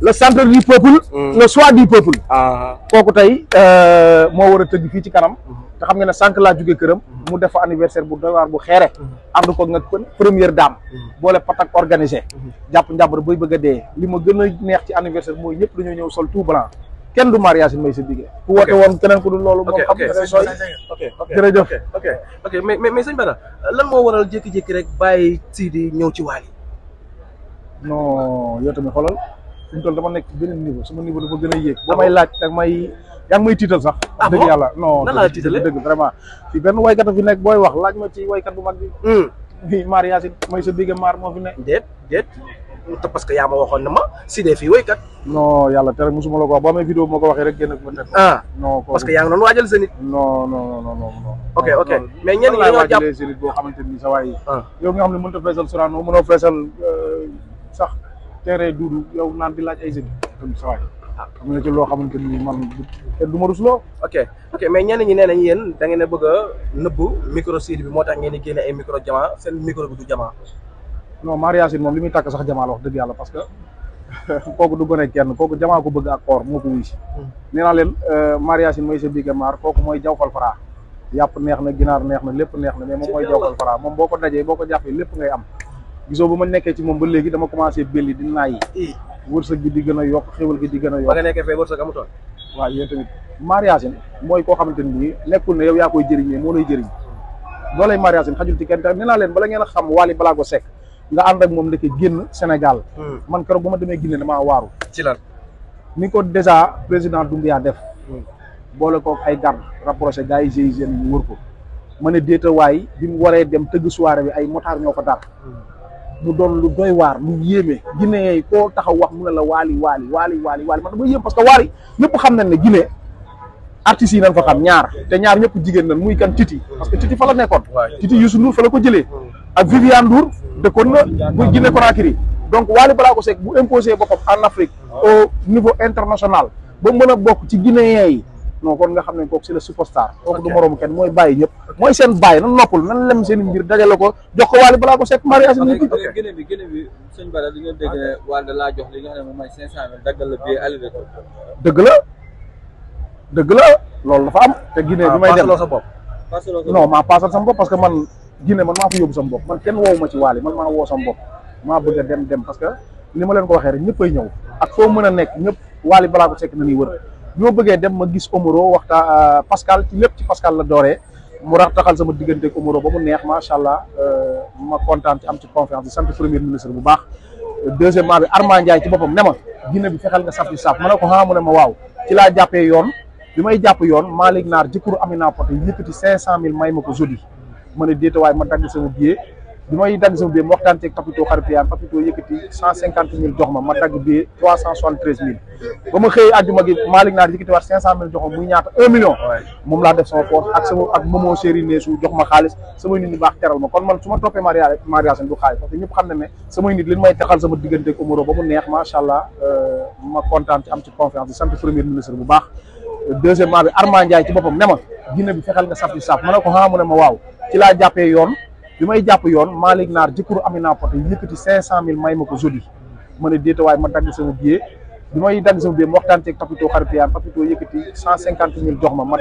le centre du peuple mm. le choix du peuple ah. kooku tey euh, moo war a tëgg fii ci kanam mm-hmm. te xam nga ne sànq laa jóge këram mm-hmm. mu def anniversaire bu doy waar bu xeere mm-hmm. ànd ko nga première dame boole patak organisé jàpp njàmbar bay bëgg dee li ma gën a neex ci anniversaire mooy ñëpp dañoo ñëw sol tout blanc kenn du mariage may sa digge ku woote woon keneen ku dul loolu moom xam jërëjëf ok ok mais mais sëñ lan moo waral jékki-jékki rek bàyyi di ñëw ci yi non yow tamit xoolal fi dama nekk beneen niveau sama niveau dafa gën a yéeg ah boo may laaj dag may yaa ngi may tiital sax ah wax dëgg yàlla non dëgg vraiment fi benn wax laaj ma ci waykat bu mag bi hmm. i maar yaa si may sa bigga maar moo fi nekk déet déet te parce que yaa ma waxoon na ma si dee fii la ko wax boo amee vidéo ah. sa nit non ni sa nga xam ne mënut a feesal Sorano mënoo feesal euh, sax du duudu yow naan di laaj ay jeunes tam sa waay ci loo xamante ni man te du ma rusloo ok ok mais ñenn ñi nee nañ yéen da ngeen a bëgg a nëbb micro Sidy bi moo tax ngeen di génne ay micro jamaa seen micro bi du jamaa non Maria Sidy moom li muy tàkk sax jamaa la wax dëgg yàlla parce que kooku du gone kenn kooku jamaa ko bëgg ak koor moo ko wuy si hmm. leen euh, Maria Sidy mooy sa biige maar kooku mooy jawfal fara yàpp neex na ginaar neex na lépp neex na mais moom mooy jawfal moom boo ko dajee boo ko jàppee lépp ngay am gisoo bu ma nekkee ci moom ba léegi dama commencé belli di naay yi eh. wërsëg di gën a yokk xéwal gi di gën a yokk ba nga nekkee fee wërsëg amutoon mooy koo xamante ni nekkul ne yow yaa koy jëriñ moo lay jëriñ doolay mariage xajul ci kenn tax naa leen bala ngeen a xam Wally Ballago Seck nga ànd ak moom ndeke génn Sénégal hmm. man keroog bu ma demee Guinée damaa waaru ci lan ni ko dèjà président Doumbouya def hmm. boole ko ay garde rapproché gars yi GIGN ñu wër ko ma ne déeta waay bi mu waree dem tëgg soirée bi ay motard ñoo ko dar hmm. mu doon lu doy waar lu yéeme Guinée yi koo taxaw wax mu na la waali waali waali waali waali man dama yéem parce que waali ñëpp xam nañ ne Guinée artistes yi nañ fa xam ñaar te ñaar ñëpp jigéen nañ muy kan Titi parce que Titi fa la nekkoon. Titi Youssou Ndour fa la ko jëlee. ak Viviane Ndour dëkkoon na bu Guinée Conakry donc Wally Ballago Seck bu imposé boppam en Afrique au niveau international ba mën a bokk ci Guinéens yi. non kon nga xam ne kooku c'est la superstar kooku du moroom kenn mooy bàyyi ñëpp mooy seen bàyyi nan noppul nan lem seen mbir dajale ko jox ko waale balaa ko seet mariage ni laa jox li nga xam ne moom mooy cinq la dëgg la loolu dafa am te Guinée bi may ah, dem non maa paasal sama bopp parce que man Guinée man maa fa yóbbu sama bopp man kenn woowu ma ci waale man maa woo sama bopp maa bëgg a dem dem parce que li ma leen ko waxee rek ñëppay ñëw ak foo mën a nekk ñëpp waale balaa ko sekk na ñuy wër bi ma bëggee dem ma gis Omoro waxtaan euh, Pascal ci lépp ci Pascal la dooree mu rax taxal sama diggante ak Omoro ba mu neex macha allah euh, ma kontaan ci am ci confiance di sant premier ministre bu baax. deuxièmement bi Armand Ndiaye ci boppam ne ma Guinée bi fexeel nga saf di saaf ma ne ko ah ma waaw ci laa jàppee yoon bi may jàpp yoon Malick Naar jëkkëru Amina Poté yëkkati 500000 may ma ko jodi ma ne déetawaay ma dagg sama billet. bi may dagg sama biir ma waxtaan ceeg papito xaritu yaam papito yëkkati cent cinquante mille jox ma ma dagg biir ba ma xëyee àjjuma ma muy ñaata un million moom sama poos ak sama ak momo chéri neesu jox ma xaalis samay nit ñu baax teral ma kon man su ma toppee mariage mariage du xaalis parce que ñëpp xam ne ne samay nit may taxal sama diggante ak Omaro ba mu neex macha allah euh, ma kontaan ci am ci confiance di sant premier ministre bu baax deuxièmement bi Armand Ndiaye ci ma bi fexeel nga ah, waaw ci laa jàppee yoon bi may jàpp yoon Malick Naar jëkkëru Amina Poté yëkkati cinq cent mille may ma ko jeudi ma ne déeta ma dagg sama ma waxtaan ceeg Papito xarit yaan Papito yëkkati cent cinquante mille jox ma ma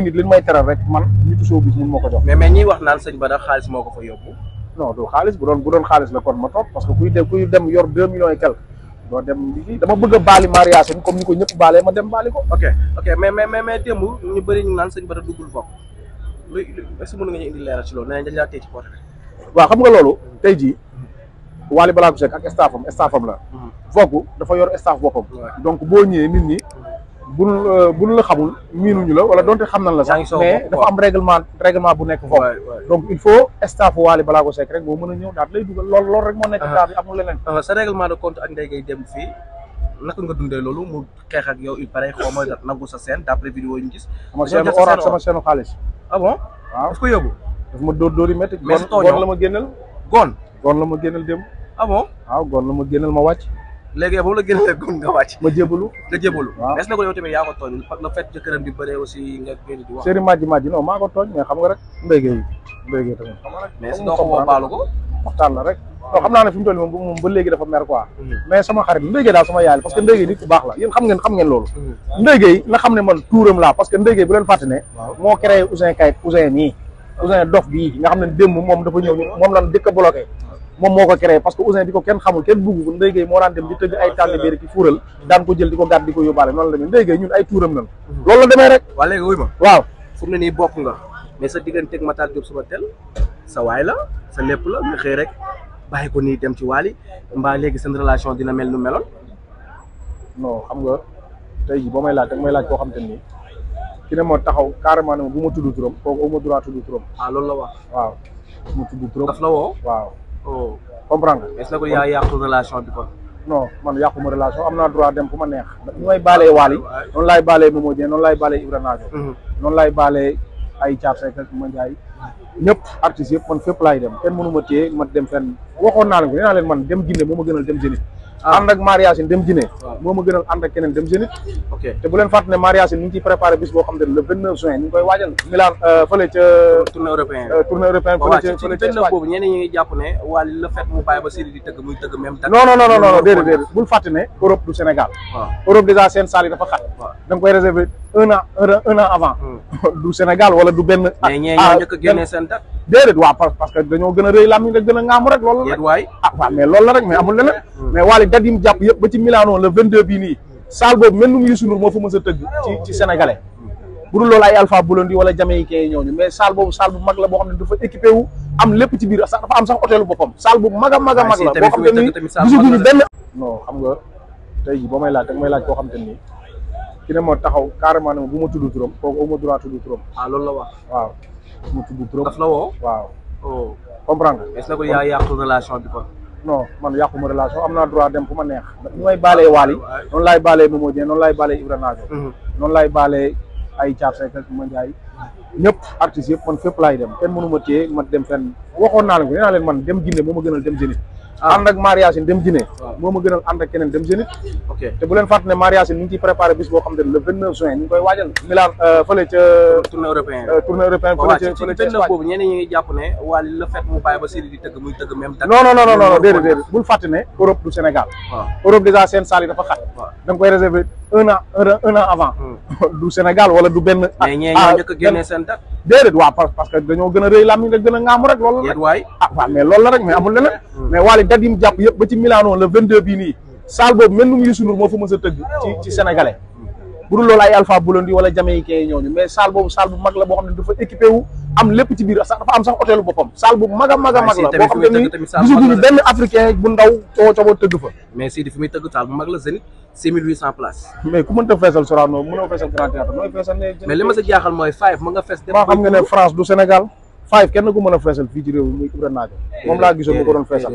ne may teral rek man ñi tusoo bis mun moo ko jox mais mais ñiy wax naan sëñ Bada xaalis moo ko fa yóbbu non du xaalis bu doon bu doon xaalis la kon ma toog parce que kuy dem kuy dem yor deux millions et quelque doo dem dama bëgg a baali mariage am comme ni ko ñëpp baalee ma dem baali ko. ok ok mais mais mais mais démb ñu bëri ñu naan sëñ Bada duggul foofu lu lu est ce nga ñu indi leeral ci loolu nee nañ dañ laa téye ci porte waaw xam nga loolu tey jii Wally Ballago Seck ak staffam staffam la. Vogue mm-hmm. dafa yor staff boppam. donc boo ñëwee nit ñi. Mm-hmm. bu euh, bu ñu la xamul miinuñu la wala donte xam na la sax mais dafa am règlement règlement bu nekk foofu donc il faut staff Wally Ballago Seck rek boo mën a ñëw daal lay dugal lool loolu rek moo nekk ah. daal bi amul leneen ah, sa règlement de compte ak Ndeye Gueye Démb fii naka nga dundee loolu mu xeex ak yow il paraît ma dat nangu sa scène d'après vidéo yi xaalis ah waaw daf ma dóor dóor yi métti la ma génnal goon goon la ma génnal démb ah bon waaw goon la ma génnal ma wàcc léegi yow boobu la génnee gun nga wàcc. ma jébalu nga jébalu. waaw est-ce que maa ko tooñ mais xam nga rek mbéygee yi tamit. mais ba léegi dafa mer quoi. Mm. mais sama xarit mbéygee daal sama yaay parce que mbéygee nit ku baax la yéen mm. ne man tuuram laa parce que mbéygee bu leen fàtte ne. moo créé Ouzin Kay Ouzin nii Ouzin dof bii nga xam ne démb moom dafa ñëw moom lan dëkk bloqué moom moo ko créé parce que Ousin bi ko kenn xamul kenn bugg ko Ndeye Gueye moo daan dem di tëgg ay tànn béer ki fuural daan ko jël di ko gàtt di ko yóbbaale noonu la demee Ndeye Gueye ñun ay tuuram lan mhm. loolu la demee rek waa léegi wuy ma waaw fu mu ne nii bokk nga mais sa digganteeg Matar Diop suba tel sa waay la sa lépp la nga xëy rek bàyyi ko nii dem ci waali mbaa léegi seen relation dina mel nu meloon non xam nga tey jii boo may laaj dag may laaj koo xam te nii ki ne taxaw carrément ne bu ma tudd turam kooku ma droit tudd turam ah loolu la wax waaw bu ma woo waaw o oh, nga. est-ce que yàqu relation bi kon. non man yàqu ma relation am naa droit dem fu ma neex. ñu may baalee Waly. noonu laay baalee Momo Dieng noonu laay baalee Ibrahima mhm. noonu laay baalee ay Thiat Seck ak Mandiaye ñëpp artistes yëpp man fépp laay dem kenn mënu téye ma dem fenn waxoon naa leen ko nee man dem Guinée moo ma gënal dem Zénith ah. ànd ak mariage dem Guinée moo ma gënal ànd ak keneen dem Zénith te bu leen fàtte ne mariage ñu ngi ciy bis boo xam ne le ñu ngi koy euh, euh, boobu ñenn ñi ngi jàpp ne waa le fait mu bàyyi ba série di tëgg muy tëgg même non koy réserver un an un an avant hmm. du Sénégal wala du benn génne seen date déedéet waaw parce que dañoo gën a rëy làmmiñ rek gën a ŋaamu rek loolu la waay ah waaw mais loolu la rek mais amul leneen hmm. mais waali date mu jàpp yëpp ba ci Milano le 22 bii nii salle boobu mel num Youssou moo fa mës a tëgg ci ci bu dul loolu ay Alpha Blondy wala jamaïcain yi ñooñu mais salle boobu salle bu mag la boo xam ne dafa équipé am lépp ci biir sax dafa am sax hôtelu boppam salle bu mag a mag a ah, mag la boo xam ne nii bu ma tudd mu tudd woo. waaw oh. comprendre nga. est yàqu relation bi kon. non man yàqu ma relation am naa droit dem fu ma neex. ñu may baale Waly. noonu laay baale Momo Dieng noonu laay baalee Ibrahima mhm. noonu laay baale ay Thiat Seck ak ma Ndiaye. ñëpp artistes yëpp man fépp laay dem kenn mënu ma téye ma dem fenn waxoon naa leen ko nee naa leen man dem Guinée moo ma gënal dem Zénith. Ah. ànd ak Maria Sine dem Guinée ah. a ma gënal ànd ak keneen dem Zénith te bu leen fàtte ne Maria Sine ñu ngi ciy préparé bis euh, fële ca tournée européen euh, fële ca fële boobu ñenn ñi ngi jàpp ne waa le fait mu bàyyi ba Sidi di tëgg muy tëgg même non bul fàtte ne Europe du Sénégal Europe déjà seen dafa xat da koy réserver un an un an avant hmm. du Sénégal wala du benn mais ñee ñoo seen date déedéet waaw parce que dañoo gën a rëy làmmiñ rek gën a ŋaamu rek loolu la rek ah waaw mais loolu la rek mais amul leneen hmm. mais Wally dat yi jàpp yëpp ba ci Milano le 22 bii nii boobu mel num Youssou Ndour moo fa mës a tëgg ci ci bu dul loolu ay Alpha Blondy wala jamaïcain yi ñooñu mais salle boobu salle bu mag la boo xam ne dafa équipé wu am lépp ci biir sax dafa am sax hôtel boppam salle bu mag a mag a mag la boo xam ne ni gisuguñu benn africain bu ndaw coow coow tëgg fa mais Sidi fi tëgg salle bu mag la Zénith six mille huit mais ku mënta feesal Sorano mënoo feesal feesal ne mais li ma sa jaaxal mooy five ma nga fees ba xam nga ne France du Sénégal five kenn ku mën a feesal fii ci réew mi muy Ibra Naajo moom laa gisoon bu ko doon feesal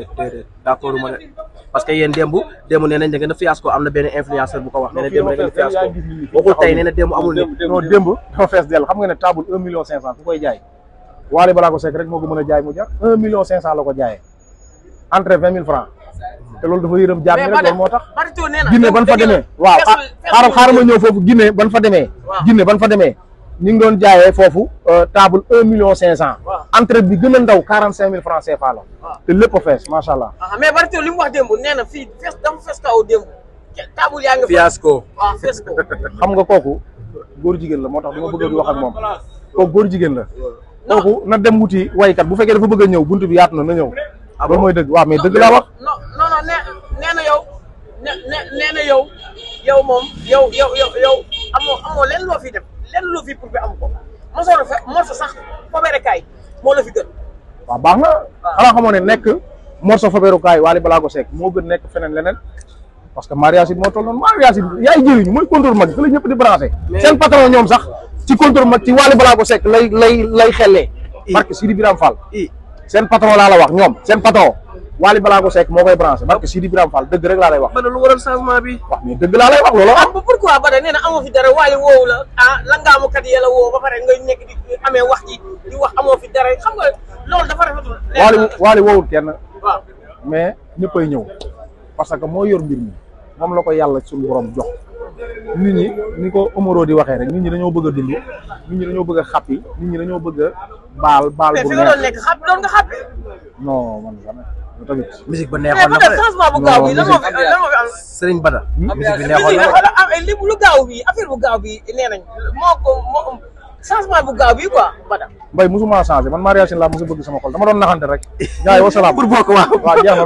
parce que yéen démb démb nee nañ da ngeen a fiasco am na benn influenceur bu ko wax nee na démb da ngeen a fiasco waxul fees dell xam nga ne table million cinq cent ku koy jaay waale balaa ko sekk rek moo ko mën a jaay mu jar un million cinq cent la ko jaayee entre vingt mille francs te loolu dafa yërëm jaam rek loolu moo tax Guinée ban fa demee ñu ngi doon jaayee foofu euh, table un million cinq cent. entrée bi gën a ndaw quarante cinq mille francs CFA la. te lépp a fees macha allah. Ah, mais Barthé li mu wax démb nee na fii fees dama fees kaw démb. xam nga kooku góor jigéen la moo tax du ma bëgg di wax ak moom kooku góor jigéen la. kooku na dem wuti waykat bu fekkee dafa bëgg a ñëw buntu bi yaat na na ñëw. ah mooy dëgg waaw mais dëgg la wax. non non non nee na yow. nee na yow yow moom yow yow amoo amoo leen loo fi def. lenn loo fi pour bi am ko mosoo fa morso sax fobeerekaay moo la fi gën. waaw baax na. waaw xanaa xamoo ne nekk morso fobeerukaay balaa Ballago Seck moo gën nekk feneen leneen parce que mariage yi moo toll noonu mariage yi yaay jëriñu mooy contour mag fi la ñëpp di branché. seen patron ñoom sax ci contour mag ci Wally Ballago Seck lay lay lay xellee. parce que Sidi Biram Fall. seen patron laa la wax ñoom seen patron. Wally Ballago Seck moo koy branché barke Sidi Birame Fall dëgg rek laa lay wax. ma ne lu waral changement bi. wax mais dëgg laa am. Ah, pourquoi dara Wally woowu la ah langaamukat yi la woo ba pare nga nekk di kenn. waaw mais ñëw parce que moo yor mbir mi moom la ko yàlla suñu borom jox. nit ñi ni ko Omaro di waxee rek nit ñi dañoo bëgg a dund nit ñi dañoo bëgg a xàppi nit ñi dañoo bëgg baal baal bu neex. mais fi nekk xàpp doon tamit musique ba eh, neexoon na. changement bu gaaw bi lan moo fi lan moo fi am. Serigne Bada. musique bi neexoon na am eh, lu gaaw bi affaire bu gaaw bi nee moo ko moo changement bu gaaw bi quoi Bada. Mbaye mosuma changé man Maria Sine laa mosu bëgg sama xol dama doon naxante rek. jaay wa salaam pour bokk waaw waaw jeex na